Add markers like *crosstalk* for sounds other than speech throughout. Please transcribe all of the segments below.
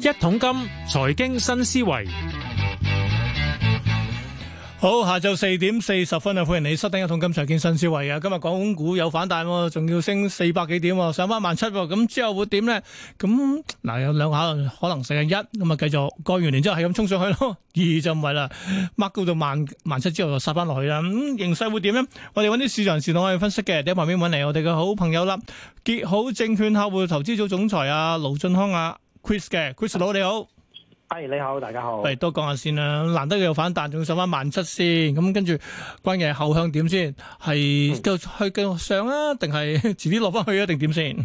一桶金財經新思維。好，下晝四點四十分啊，歡迎你，收聽《一桶金財經新思維》啊！今日港股有反彈，哦，仲要升四百幾點，哦，上翻萬七喎。咁之後會點咧？咁嗱，有兩下可能性係一，咁啊，繼續過完年之後係咁衝上去咯。二就唔係啦，Mark 到到萬萬七之後就殺翻落去啦。咁，嗯、形勢會點咧？我哋搵啲市場事同我哋分析嘅，喺旁邊搵嚟我哋嘅好朋友啦，結好證券客戶投資組總裁啊，盧駿匡啊 Chris 嘅，Chris 佬，你好。係、hey, 你好，大家好。係多講下先啦，難得有反彈，仲上翻萬七先。咁跟住，關鍵後向點先，係繼續去繼續上啊，定係遲啲落翻去啊，定點先？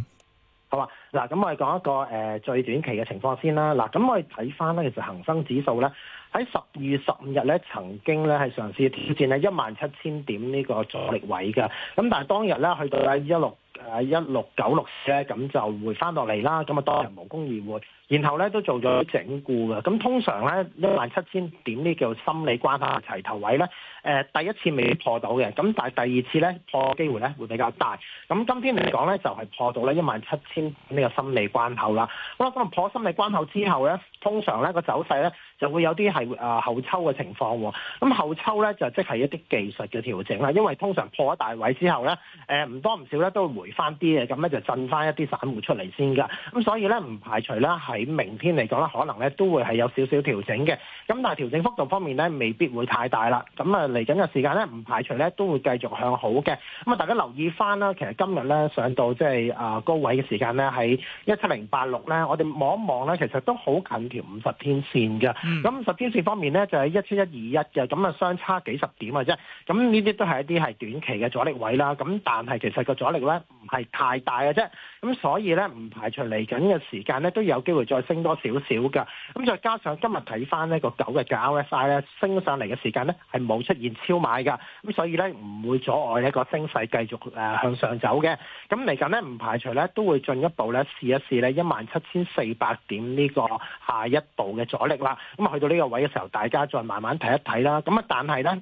好啊。嗱，咁我哋講一個誒、呃、最短期嘅情況先啦。嗱，咁我哋睇翻咧，其實恒生指數咧喺十二月十五日咧，曾經咧係嘗試挑戰咧一萬七千點呢個阻力位噶。咁但係當日咧去到咧一六。誒一六九六咧，咁就會翻落嚟啦。咁啊，當然無功而回。然後咧都做咗整固嘅。咁通常咧一萬七千點呢叫心理關口齊頭位咧、呃。第一次未破到嘅，咁但係第二次咧破機會咧會比較大。咁今天嚟講咧就係、是、破到咧一萬七千呢個心理關口啦。好啦，可能破心理關口之後咧，通常咧個走勢咧就會有啲係誒後抽嘅情況喎。咁後抽咧就即係一啲技術嘅調整啦。因為通常破咗大位之後咧，唔、呃、多唔少咧都會回。翻啲嘅，咁 *noise* 咧、嗯、 *noise* 就震翻一啲散戶出嚟先嘅，咁所以咧唔排除咧喺明天嚟講咧，可能咧都會係有少少調整嘅，咁但係調整幅度方面咧，未必會太大啦。咁啊嚟緊嘅時間咧，唔排除咧都會繼續向好嘅。咁啊，大家留意翻啦，其實今日咧上到即係啊高位嘅時間咧，喺一七零八六咧，我哋望一望咧，其實都好近條五十天線嘅。咁、嗯、十天線方面咧，就係一七一二一嘅，咁啊相差幾十點嘅啫。咁呢啲都係一啲係短期嘅阻力位啦。咁但係其實個阻力咧。唔係太大嘅啫，咁所以咧唔排除嚟緊嘅時間咧都有機會再升多少少噶，咁再加上今日睇翻呢個九日嘅 RSI 咧升上嚟嘅時間咧係冇出現超買噶，咁所以咧唔會阻礙一個升勢繼續、呃、向上走嘅，咁嚟緊咧唔排除咧都會進一步咧試一試咧一萬七千四百點呢個下一步嘅阻力啦，咁啊去到呢個位嘅時候，大家再慢慢睇一睇啦，咁啊但係咧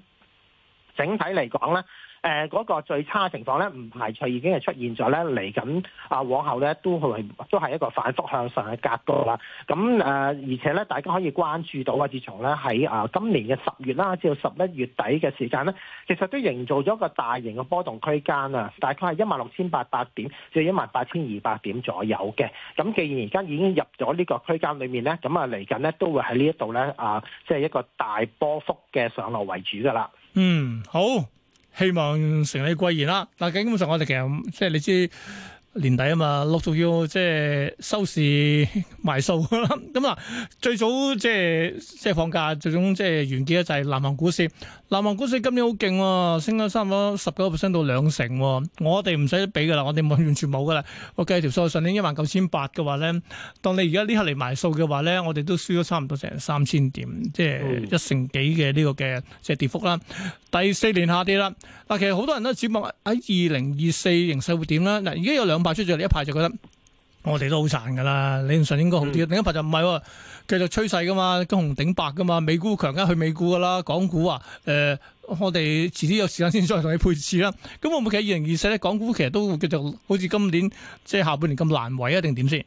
整體嚟講咧。誒、呃、嗰、那個最差情況咧，唔排除已經係出現咗咧。嚟緊啊，往後咧都係都係一個反覆向上嘅格局啦。咁誒、呃，而且咧，大家可以關注到啊，自從咧喺啊今年嘅十月啦，至到十一月底嘅時間咧，其實都營造咗一個大型嘅波動區間啊，大概係一萬六千八百點至一萬八千二百點左右嘅。咁既然而家已經入咗呢個區間裡面咧，咁啊嚟緊咧都會喺呢一度咧啊，即、呃、係、就是、一個大波幅嘅上落為主噶啦。嗯，好。希望成你貴言啦！但係，基本上我哋其實即係你知。年底啊嘛，陸續要即係收市埋數咁啊，最早即係即係放假，最終即係完結就係。南韓股市，南韓股市今年好勁喎，升咗差唔多十幾個 percent 到兩成，啊。我哋唔使比噶啦，我哋完全冇噶啦。我、OK，計條數，上年一萬九千八嘅話咧，當你而家呢刻嚟埋數嘅話咧，我哋都輸咗差唔多成三千點，即係一成幾嘅呢個嘅即係跌幅啦，嗯。第四年下跌啦。嗱，其實好多人都指望喺二零二四形勢會點啦。嗱，而家有兩。爆出咗呢一排就覺得我哋都好殘噶啦，理論上應該好啲、嗯。另一排就唔係，繼續趨勢噶嘛，跟紅頂白噶嘛，美股強，加去美股噶啦，港股啊，呃、我哋遲啲有時間先再同你配置啦。咁會唔會喺二零二四咧，港股其實都繼續好似今年即係下半年咁難為啊？定點先？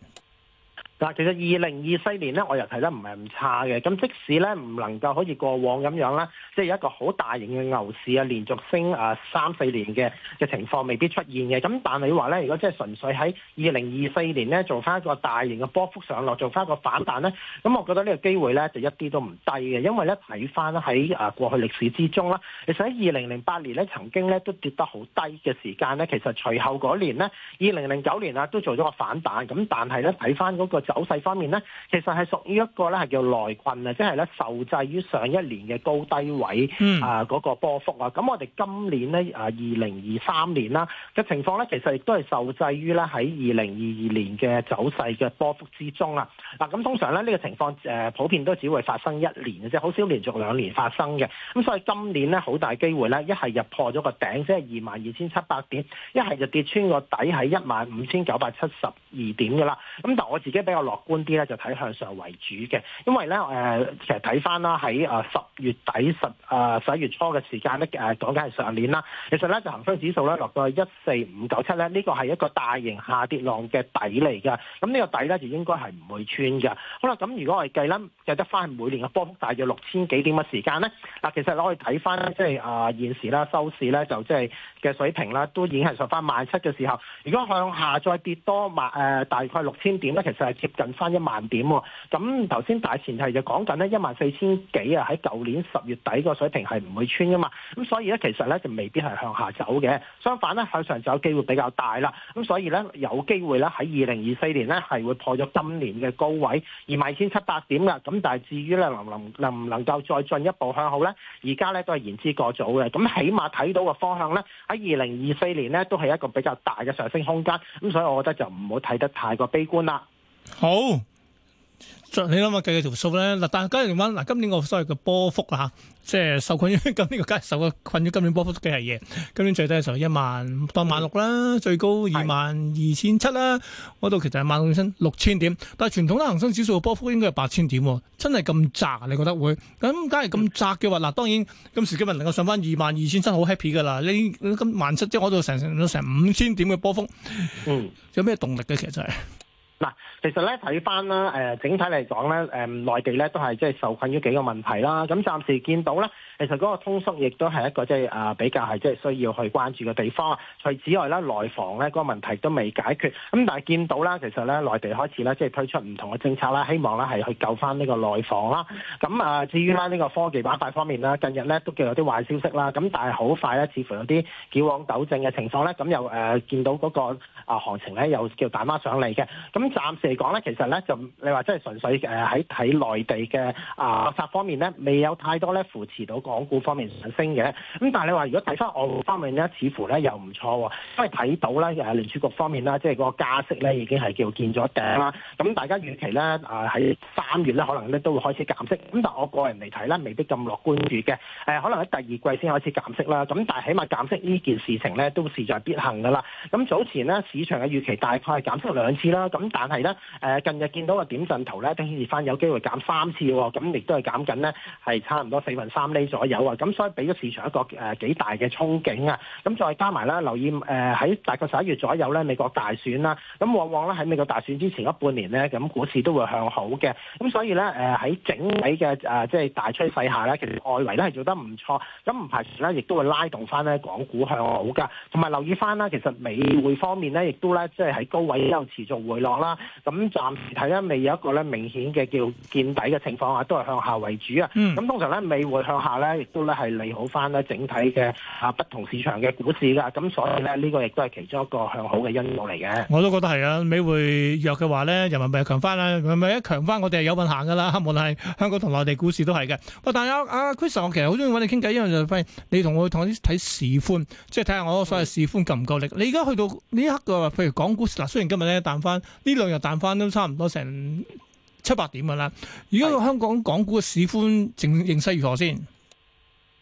嗱，其實二零二四年咧，我又睇得唔係唔差嘅。咁即使咧唔能夠好似過往咁樣啦，即係一個好大型嘅牛市啊，連續升啊三四年嘅嘅情況未必出現嘅。咁但係你話咧，如果即係純粹喺二零二四年咧，做翻一個大型嘅波幅上落，做翻一個反彈咧，咁我覺得呢個機會咧就一啲都唔低嘅。因為咧睇翻喺啊過去歷史之中啦，其實喺二零零八年咧曾經咧都跌得好低嘅時間咧，其實隨後嗰年咧，二零零九年啊都做咗個反彈。咁但係咧睇翻嗰個。走勢方面咧，其實係屬於一個咧，係叫內困啊，即係咧受制於上一年嘅高低位、嗯、啊嗰、嗰個波幅啊。咁我哋今年咧啊二零二三年啦嘅情況咧，其實亦都係受制於咧喺二零二二年嘅走勢嘅波幅之中啊。嗱咁通常咧呢、呢個情況誒、呃、普遍都只會發生一年嘅啫，好少連續兩年發生嘅。咁所以今年咧好大機會咧，一係就破咗個頂，即係二萬二千七百點；一係就跌穿個底喺一萬五千九百七十二點噶啦。咁但我自己比較。比較樂觀啲咧，就睇向上為主嘅，因為咧誒、呃，其實睇翻啦，喺誒十月底十誒十一月初嘅時間咧，誒講緊係上年啦，其實咧就恒生指數咧落到一四五九七咧，呢個係一個大型下跌浪嘅底嚟嘅。咁呢個底咧就應該係唔會穿嘅。好啦，咁如果我哋計咧，計得翻每年嘅波幅大約六千幾點嘅時間咧，嗱，其實攞哋睇翻即係啊現時啦收市咧就即係嘅水平啦，都已經係上翻萬七嘅時候。如果向下再跌多萬誒、呃、大概六千點咧，其實係。近翻一萬點喎，咁頭先大前提就講緊呢一萬四千幾啊，喺舊年十月底個水平係唔會穿噶嘛，咁所以咧其實咧就未必係向下走嘅，相反咧向上就有機會比較大啦，咁所以咧有機會咧喺二零二四年咧係會破咗今年嘅高位而萬二千七百點噶，咁但係至於咧能能能唔能夠再進一步向好咧，而家咧都係言之過早嘅，咁起碼睇到個方向咧喺二零二四年咧都係一個比較大嘅上升空間，咁所以我覺得就唔好睇得太過悲觀啦。好，你諗下計佢條數咧嗱，但係今日條蚊嗱，今年個所謂嘅波幅啦，即係受困於今年個，梗係受個困於今年波幅嘅係嘢。今年最低嘅時候一萬八萬六啦，嗯，最高二萬二千七啦，嗰，嗯，度其實係萬六千六千點。但係傳統啦，恒生指數嘅波幅應該係八千點，真係咁窄，你覺得會咁？梗係咁窄嘅話，嗱，當然咁今時今日能夠上翻二萬二千七，好 happy 噶啦。你今萬七即係攞到成成五千點嘅波幅，嗯，有咩動力嘅其實係，就係？嗱，其實咧睇翻啦，誒整體嚟講咧，誒內地咧都係即係受困於幾個問題啦。咁暫時見到咧，其實嗰個通縮亦都係一個即係啊比較係即係需要去關注嘅地方啊。除此之外咧，內房咧嗰個問題都未解決。咁但係見到啦，其實咧內地開始咧即係推出唔同嘅政策啦，希望咧係去救翻呢個內房啦。咁啊，至於啦呢個科技板塊方面呢，近日咧都叫有啲壞消息啦。咁但係好快咧，似乎有啲矯枉糾正嘅情況咧，咁又誒見到嗰個啊行情咧又叫大媽上嚟嘅。咁暫時嚟講咧，其實咧就你話真係純粹誒喺睇內地嘅啊發方面咧，未有太多咧扶持到港股方面上升嘅。咁但係你話如果睇翻澳方面咧，似乎咧又唔錯，因為睇到咧誒聯儲局方面啦，即係個加息咧已經係叫見咗頂啦。咁大家預期咧啊喺三月咧可能咧都會開始減息。咁但係我個人嚟睇咧，未必咁樂觀住嘅。誒可能喺第二季先開始減息啦。咁但係起碼減息呢件事情咧都事在必行㗎啦。咁早前咧市場嘅預期大概係減息兩次啦。咁但係咧，誒近日見到個點陣圖咧，都顯示翻有機會減三次喎、哦。咁亦都係減緊咧，係差唔多四分三厘左右啊。咁所以俾咗市場一個誒幾大嘅憧憬啊。咁再加埋咧，留意誒喺大概十一月左右咧，美國大選啦。咁往往咧喺美國大選之前嗰半年咧，咁股市都會向好嘅。咁所以咧，誒喺整體嘅啊即係大趨勢下咧，其實外圍咧係做得唔錯。咁唔排除咧，亦都會拉動翻咧港股向好嘅。同埋留意翻啦，其實美匯方面咧，亦都咧即係喺高位又持續回落啦。咁暫時睇咧，未有一個咧明顯嘅叫見底嘅情況啊，都係向下為主啊。咁、嗯、通常咧，美匯向下咧，亦都咧係利好翻咧整體嘅啊不同市場嘅股市噶。咁所以咧，呢個亦都係其中一個向好嘅因素嚟嘅。我都覺得係啊，美匯弱嘅話咧，人民幣強翻啦，人咪一強翻，我哋係有運行噶啦。無論係香港同內地股市都係嘅。喂，但係、啊、阿阿 Chris，我其實好中意揾你傾偈，因為就發現你同我同啲睇市寬，即係睇下我所謂市寬夠唔夠力。嗯、你而家去到呢一刻嘅譬如港股嗱，雖然今日咧彈翻呢。但兩日彈翻都差唔多成七八點噶啦，而家個香港港股嘅市寬，正形勢如何先？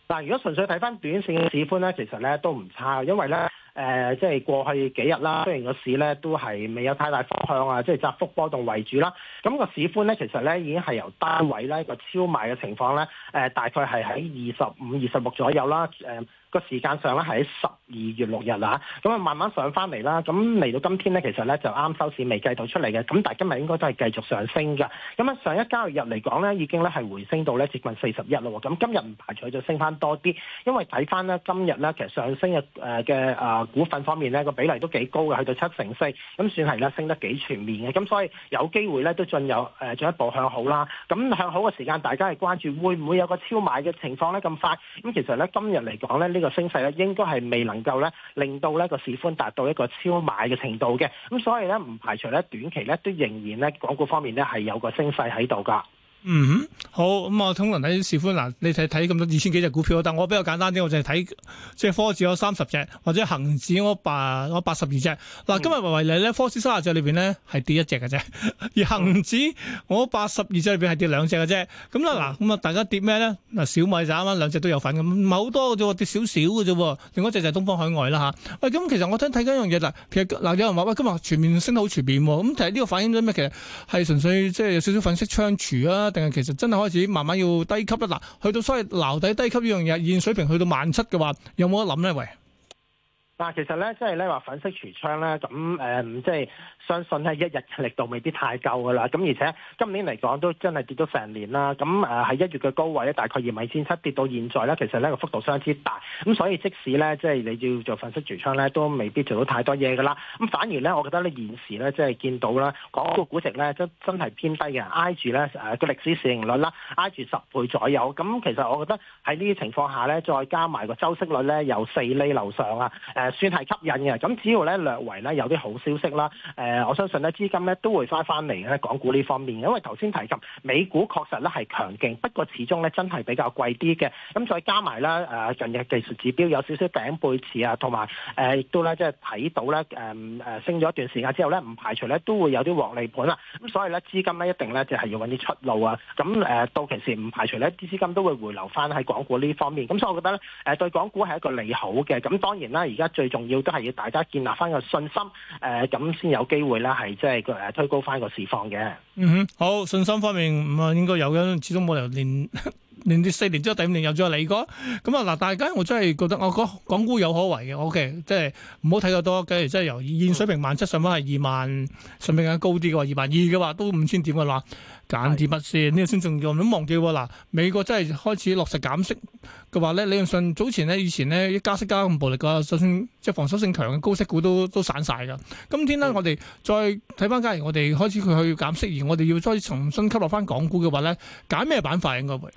嗱，如果純粹睇翻短綫嘅市寬咧，其實咧都唔差，因為咧。誒、呃，即係過去幾日啦，雖然個市咧都係未有太大方向啊，即係窄幅波動為主啦。咁、那個市寬咧，其實咧已經係由單位咧個超賣嘅情況咧、呃，大概係喺二十五、二十六左右啦。誒、呃、個時間上咧係喺十二月六日啦，咁啊慢慢上翻嚟啦。咁嚟到今天咧，其實咧就啱收市未計到出嚟嘅。咁但係今日應該都係繼續上升嘅。咁啊上一交易日嚟講咧，已經咧係回升到咧接近四十一咯。咁今日唔排除就升翻多啲，因為睇翻咧今日咧其實上升嘅嘅、呃股份方面咧個比例都幾高嘅，去到七成四，咁算係啦，升得幾全面嘅，咁所以有機會咧都進有誒、呃、進一步向好啦。咁向好嘅時間，大家係關注會唔會有個超買嘅情況咧咁快？咁其實咧今日嚟講咧，呢、呢個升勢咧應該係未能夠咧令到咧個市寬達到一個超買嘅程度嘅。咁所以咧唔排除咧短期咧都仍然咧港股方面咧係有個升勢喺度㗎。嗯，哼嗯，好咁啊，通常睇市況嗱，你睇睇咁多二千幾隻股票，但我比較簡單啲，我淨係睇即係科指我三十隻，或者恒指我八我八十二隻。嗱，今日為例咧，科指三十隻裏邊咧係跌一隻嘅啫，而恒指我八十二隻裏邊係跌兩隻嘅啫。咁啦嗱，咁啊大家跌咩咧？嗱，小米就啱啱兩隻都有份，嘅，唔係好多嘅啫，跌少少嘅啫。另一隻就係東方海外啦嚇。喂、啊，咁、哎、其實我想睇緊一樣嘢嗱，其實嗱有人話喂今日全面升得好全面喎，咁其實呢個反映咗咩？其實係純粹即係有少少粉飾櫥窗啊。定係其實真係開始慢慢要低級啦，嗱，去到所謂樓底低級呢樣嘢現水平去到萬七嘅話，有冇得諗咧？喂？嗱，其實咧，即係咧話粉飾櫥窗咧，咁誒、呃，即係相信咧，一日力度未必太夠噶啦。咁而且今年嚟講都真係跌咗成年啦。咁誒，喺、呃、一月嘅高位咧，大概二萬二千七跌到現在咧，其實咧個幅度相之大。咁所以即使咧，即係你要做粉飾櫥窗咧，都未必做到太多嘢噶啦。咁反而咧，我覺得咧現時咧，即係見到啦，港股估值咧真真係偏低嘅，挨住咧誒個歷史市盈率啦，挨住十倍左右。咁其實我覺得喺呢啲情況下咧，再加埋個周息率咧由四厘樓上啊，呃算係吸引嘅，咁只要咧略為咧有啲好消息啦，誒，我相信咧資金咧都會翻翻嚟咧，港股呢方面，因為頭先提及美股確實咧係強勁，不過始終咧真係比較貴啲嘅，咁再加埋咧誒近日技術指標有少少頂背馳啊，同埋誒亦都咧即係睇到咧誒誒升咗一段時間之後咧，唔排除咧都會有啲獲利盤啊，咁所以咧資金咧一定咧就係要揾啲出路啊，咁誒到期時唔排除咧啲資金都會回流翻喺港股呢方面，咁所以我覺得咧誒對港股係一個利好嘅，咁當然啦而家。最重要都係要大家建立翻個信心，誒、呃，咁先有機會咧，係即係誒推高翻個市況嘅。嗯哼，好，信心方面唔係應該有嘅，始終冇留戀。 *laughs* 連跌四年之後第五年又再嚟過，咁啊嗱！大家我真係覺得，我講港股有可為嘅。O.K.，即係唔好睇咁多。假如真係由現水平萬七上翻係二萬，順便更高啲嘅話，二萬二嘅話都五千點嘅話，揀啲乜先？呢、呢個先重要。唔好忘記喎，嗱，美國真係開始落實減息嘅話咧，理論上早前呢，以前呢一加息加咁暴力啊，就算即係防守性強嘅高息股都都散晒嘅。今天呢，嗯、我哋再睇翻假如我哋開始佢去減息，而我哋要再重新吸落翻港股嘅話咧，揀咩板塊應該會？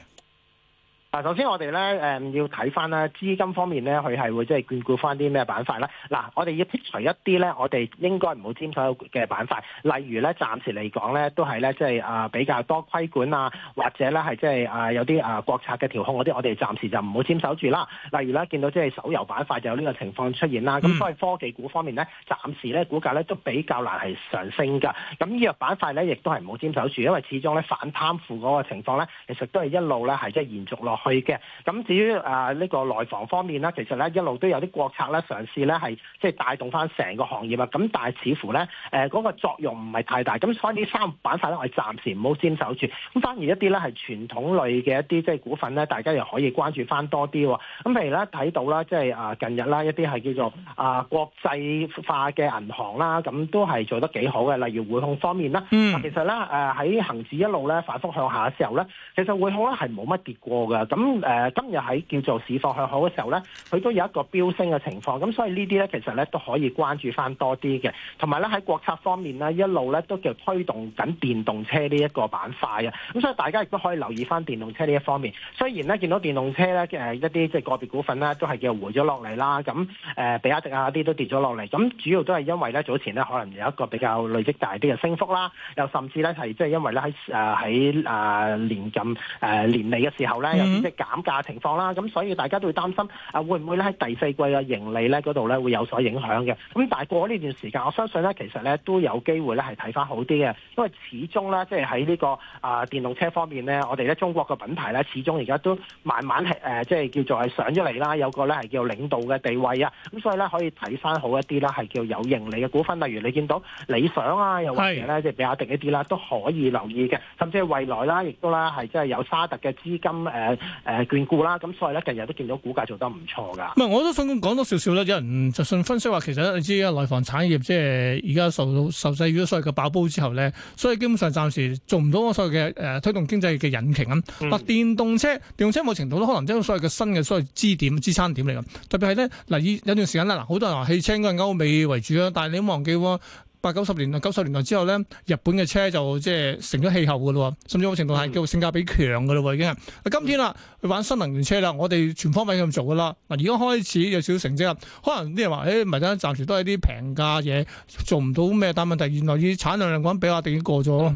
嗱，首先我哋咧，誒要睇翻咧資金方面咧，佢係會即係眷顧翻啲咩板塊啦。嗱，我哋要剔除一啲咧，我哋應該唔好沾手嘅板塊，例如咧，暫時嚟講咧，都係咧，即係啊比較多規管啊，或者咧係即係啊有啲啊國策嘅調控嗰啲，我哋暫時就唔好沾手住啦。例如咧，見到即係手遊板塊就有呢個情況出現啦，咁所以科技股方面咧，暫時咧股價咧都比較難係上升㗎。咁呢個板塊咧，亦都係唔好沾手住，因為始終咧反貪腐嗰個情況咧，其實都係一路咧係即係延續落去嘅。咁至於啊呢、呃這個內房方面咧，其實咧一路都有啲國策咧嘗試咧係即係帶動翻成個行業啊，咁但係似乎咧誒嗰個作用唔係太大，咁所以呢三板塊咧我哋暫時唔好先守住，咁反而一啲咧係傳統類嘅一啲即係股份咧，大家又可以關注翻多啲喎。咁、啊、譬如咧睇到啦，即係啊近日啦一啲係叫做啊、呃、國際化嘅銀行啦，咁、啊、都係做得幾好嘅。例如匯控方面啦，嗯、其實咧誒喺恆指一路咧反覆向下嘅時候咧，其實匯控咧係冇乜跌過嘅。咁誒、呃、今日喺叫做市況向好嘅時候咧，佢都有一個飆升嘅情況，咁所以呢啲咧其實咧都可以關注翻多啲嘅。同埋咧喺國策方面咧，一路咧都叫推動緊電動車呢一個板塊啊。咁所以大家亦都可以留意翻電動車呢一方面。雖然咧見到電動車咧一啲即係個別股份呢都係叫回咗落嚟啦，咁誒、呃、比亞迪啊啲都跌咗落嚟。咁主要都係因為咧早前咧可能有一個比較累積大啲嘅升幅啦，又甚至咧就即、是、係因為咧喺誒喺年近、啊、年尾嘅時候咧。嗯即減價情況啦，咁所以大家都會擔心啊，會唔會咧喺第四季嘅盈利咧嗰度咧會有所影響嘅？咁但係過呢段時間，我相信咧其實咧都有機會咧係睇翻好啲嘅，因為始終咧即係喺呢個啊電動車方面咧，我哋咧中國嘅品牌咧始終而家都慢慢係誒即係叫做係上咗嚟啦，有個咧係叫領導嘅地位啊，咁所以咧可以睇翻好一啲啦，係叫有盈利嘅股份，例如你見到理想啊，又或者咧即係比亞迪一啲啦，都可以留意嘅，甚至係蔚來啦，亦都啦係即係有沙特嘅資金、呃誒、呃、眷顧啦，咁所以咧近日都見到股價做得唔錯噶。唔係，我都想講多少少啦，有人就信分析話，其實你知內房產業即係而家受到受制於咗所謂嘅爆煲之後咧，所以基本上暫時做唔到我所謂嘅誒推動經濟嘅引擎咁。嗱、嗯，電動車電動車某程度都可能即係所謂嘅新嘅所謂支點支撐點嚟㗎。特別係咧嗱，有段時間啦，嗱，好多人話汽車嗰陣歐美為主啊。但係你忘記喎、哦。八九十年代、九十年代之後咧，日本嘅車就即係成咗氣候㗎咯，甚至乎程度係叫做性價比強㗎咯喎已經。啊，今天啦，玩新能源車啦，我哋全方位咁做噶啦。嗱，而家開始有少少成績啦，可能啲人話，誒、欸，咪等暫時都係啲平價嘢，做唔到咩？但問題原來啲產量量嚟講，比亞迪已經過咗。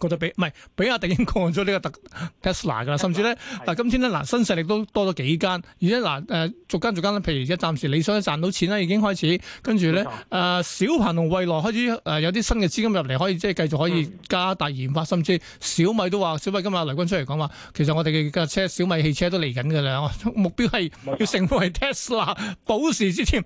覺得比唔係比亞迪已經過咗呢個特 Tesla 㗎啦，甚至咧，嗱，今天咧嗱新勢力都多咗幾間，而且嗱、呃、逐間逐間譬如而家暫時理想賺到錢啦已經開始，跟住咧誒小鵬同蔚來開始誒有啲新嘅資金入嚟，可以即係繼續可以加大研發，甚至小米都話，小米今日雷軍出嚟講話，其實我哋嘅架車小米汽車都嚟緊㗎啦，目標係要成為 Tesla 保時之添，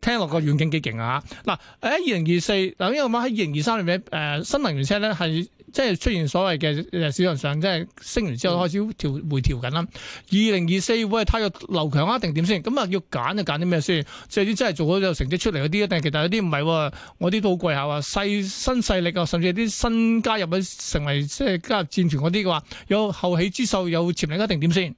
聽落個遠景幾勁啊！嗱喺二零二四嗱因為喺二零二三年尾、呃、新能源車咧係即即係出現所謂嘅市場上，即係升完之後開始調回調緊啦。二零二四會睇個流強一定點先？咁啊，要揀就揀啲咩先？即係啲真係做好有成績出嚟嗰啲，但定係其實有啲唔係？我啲都好貴下啊，新新勢力啊，甚至係啲新加入嘅，成為即係加入戰團嗰啲嘅話，有後起之秀有潛力一定點先？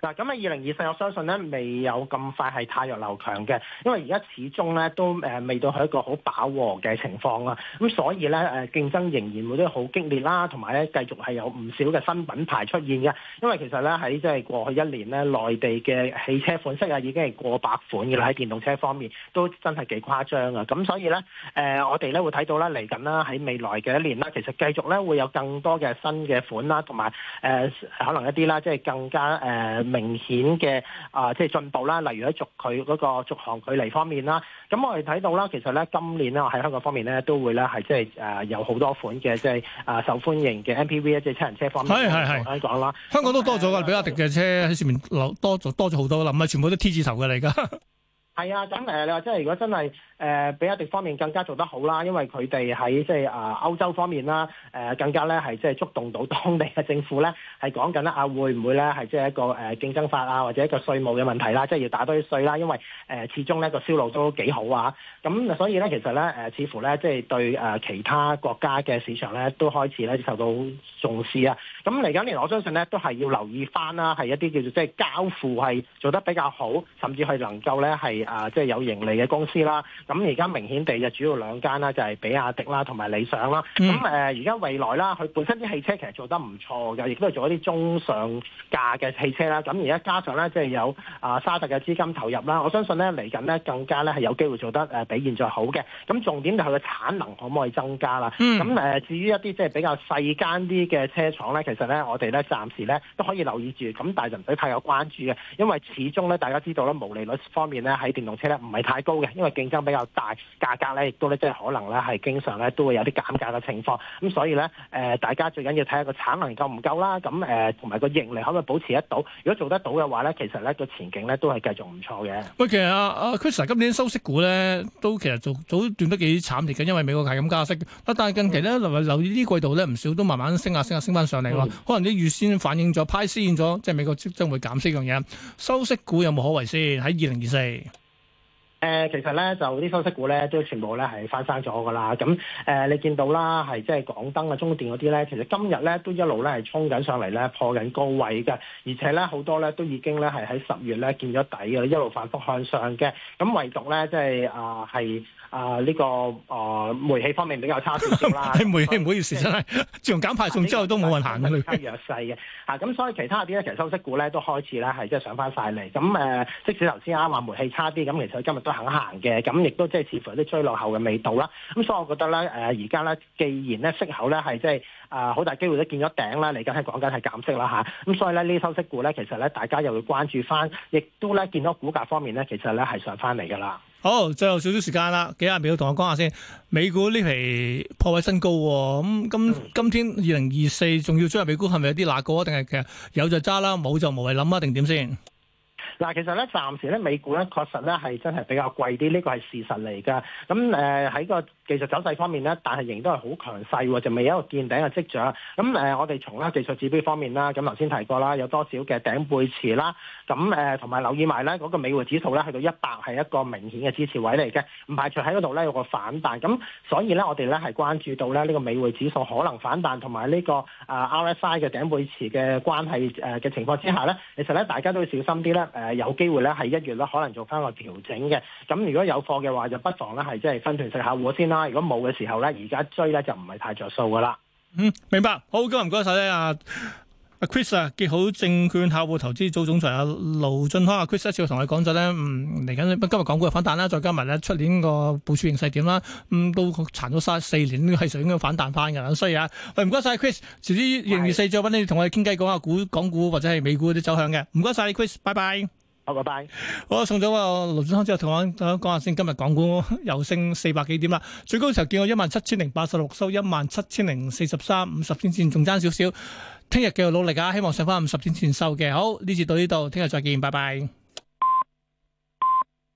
嗱咁啊，二零二四我相信咧未有咁快係汰弱留強嘅，因為而家始終咧都誒未到係一個好飽和嘅情況啊，咁所以咧誒競爭仍然會都好激烈啦，同埋咧繼續係有唔少嘅新品牌出現嘅，因為其實咧喺即係過去一年咧，內地嘅汽車款式啊已經係過百款嘅啦，喺電動車方面都真係幾誇張啊，咁所以咧誒、呃、我哋咧會睇到啦，嚟緊啦喺未來嘅一年啦，其實繼續咧會有更多嘅新嘅款啦，同埋誒可能一啲啦，即係更加誒，呃明顯嘅啊、呃，即係進步啦，例如喺續距嗰、那個續航距離方面啦。咁我哋睇到啦，其實咧今年咧喺香港方面咧都會咧係即係誒、呃、有好多款嘅即係啊、呃、受歡迎嘅 MPV 即係七人車方面喺香港啦，香港都多咗嘅、嗯，比亞迪嘅車喺前面多咗多咗好多啦，唔係全部都 T 字頭嘅嚟噶。 *laughs* 係啊，咁誒，你話即係如果真係誒，比亞迪方面更加做得好啦，因為佢哋喺即係啊歐洲方面啦，誒更加咧係即係觸動到當地嘅政府咧，係講緊啦啊會唔會咧係即係一個誒競爭法啊，或者一個稅務嘅問題啦，即係要打多啲稅啦，因為誒始終咧個銷路都幾好啊，咁所以咧其實咧誒似乎咧即係對誒其他國家嘅市場咧都開始咧受到重視啊，咁嚟緊年我相信咧都係要留意翻啦，係一啲叫做即係交付係做得比較好，甚至係能夠咧係。啊，即係有盈利嘅公司啦。咁而家明顯地就主要兩間啦，就係比亞迪啦，同埋理想啦。咁而家未來啦，佢本身啲汽車其實做得唔錯嘅，亦都係做一啲中上價嘅汽車啦。咁而家加上咧，即係有啊沙特嘅資金投入啦，我相信咧嚟緊咧更加咧係有機會做得比現在好嘅。咁重點就係佢產能可唔可以增加啦？咁至於一啲即係比較細間啲嘅車廠咧，其實咧我哋咧暫時咧都可以留意住，咁但係唔使太有關注嘅，因為始終咧大家知道毛利率方面咧喺。電動車咧唔係太高嘅，因為競爭比較大，價格咧亦都咧即係可能咧係經常咧都會有啲減價嘅情況。咁所以咧誒、呃，大家最緊要睇下個產能夠唔夠啦。咁誒同埋個盈利可唔可以保持得到。如果做得到嘅話咧，其實咧個前景咧都係繼續唔錯嘅。喂，其實阿 Chris 今年收息股咧，都其實早早段得幾慘烈嘅，因為美國係咁加息，但係近期咧、嗯、留意呢季度咧唔少都慢慢升下升下升翻上嚟喎、嗯。可能啲預先反映咗派先咗，即係美國即將會減息樣嘢。收息股有冇可為先？喺二零二四。呃、其實咧就啲收息股咧都全部咧係翻生咗㗎喇，咁誒、呃、你見到啦，係即係港燈啊、中電嗰啲咧，其實今日咧都一路咧係衝緊上嚟咧破緊高位嘅，而且咧好多咧都已經咧係喺十月咧見咗底嘅，一路反覆向上嘅，咁唯獨咧即係啊係。即係呃啊、呃！呢、這個啊、呃，煤氣方面比較差少少啦。煤氣唔好意思，真係自從減派送之後都冇人行嘅類弱勢嘅嚇，咁、啊、所以其他啲其實收息股咧都開始咧係即係上翻曬嚟。咁誒、啊，即使頭先啱話煤氣差啲，咁其實佢今日都肯行嘅。咁亦都即係似乎有啲追落後嘅味道啦。咁所以我覺得咧，誒而家咧，既然咧息口咧係即係啊好大機會都見咗頂啦，嚟緊係講緊係減息啦吓，咁、啊、所以咧呢啲收息股咧，其實咧大家又會關注翻，亦都咧見到股價方面咧，其實咧係上翻嚟㗎啦。好，最後少少時間啦，幾廿秒同我講下先，美股呢期破位新高，哦，咁、嗯、今今天二零二四，仲要追入美股，係咪有啲辣過啊？定係其實有就揸啦，冇就無謂諗啊，定點先？嗱，其實咧，暫時咧，美股咧確實咧係真係比較貴啲，呢個係事實嚟㗎。咁誒喺個技術走勢方面咧，但係仍然都係好強勢喎，就未有一個見頂嘅跡象。咁誒，我哋從啦技術指標方面啦，咁頭先提過啦，有多少嘅頂背馳啦。咁誒，同埋留意埋咧嗰個美匯指數咧，去到一百係一個明顯嘅支持位嚟嘅，唔排除喺嗰度咧有個反彈。咁所以咧，我哋咧係關注到咧呢個美匯指數可能反彈，同埋呢個啊 RSI 嘅頂背馳嘅關係誒嘅情況之下咧，其實咧大家都要小心啲咧誒。係有機會咧，係一月咧，可能做翻個調整嘅。咁如果有貨嘅話，就不妨咧係即係分傳細客戶先啦。如果冇嘅時候咧，而家追咧就唔係太着數噶啦。嗯，明白。好，今日唔該曬咧，阿 Chris 啊，結、啊、好證券客戶投資組總裁阿、啊、盧駿匡阿 Chris，少同你講咗咧。嗯，嚟緊今日港股嘅反彈啦，再加埋咧出年個部署形勢點啦。咁、嗯、都殘咗三四年，呢係想應該反彈翻噶啦。所以啊，唔該曬 Chris，遲啲形勢再揾你同我哋傾偈，講下股港股或者係美股啲走向嘅。唔該曬，Chris，拜拜。好，拜拜。好，送了我總啊，盧總，之後同我講下先，今日港股又升四百幾點啦？最高嘅時候見過一萬七千零八十六，收一萬七千零四十三，五十天線仲爭少少。聽日繼續努力啊，希望上翻五十天線收嘅。好，呢節到呢度，聽日再見，拜拜。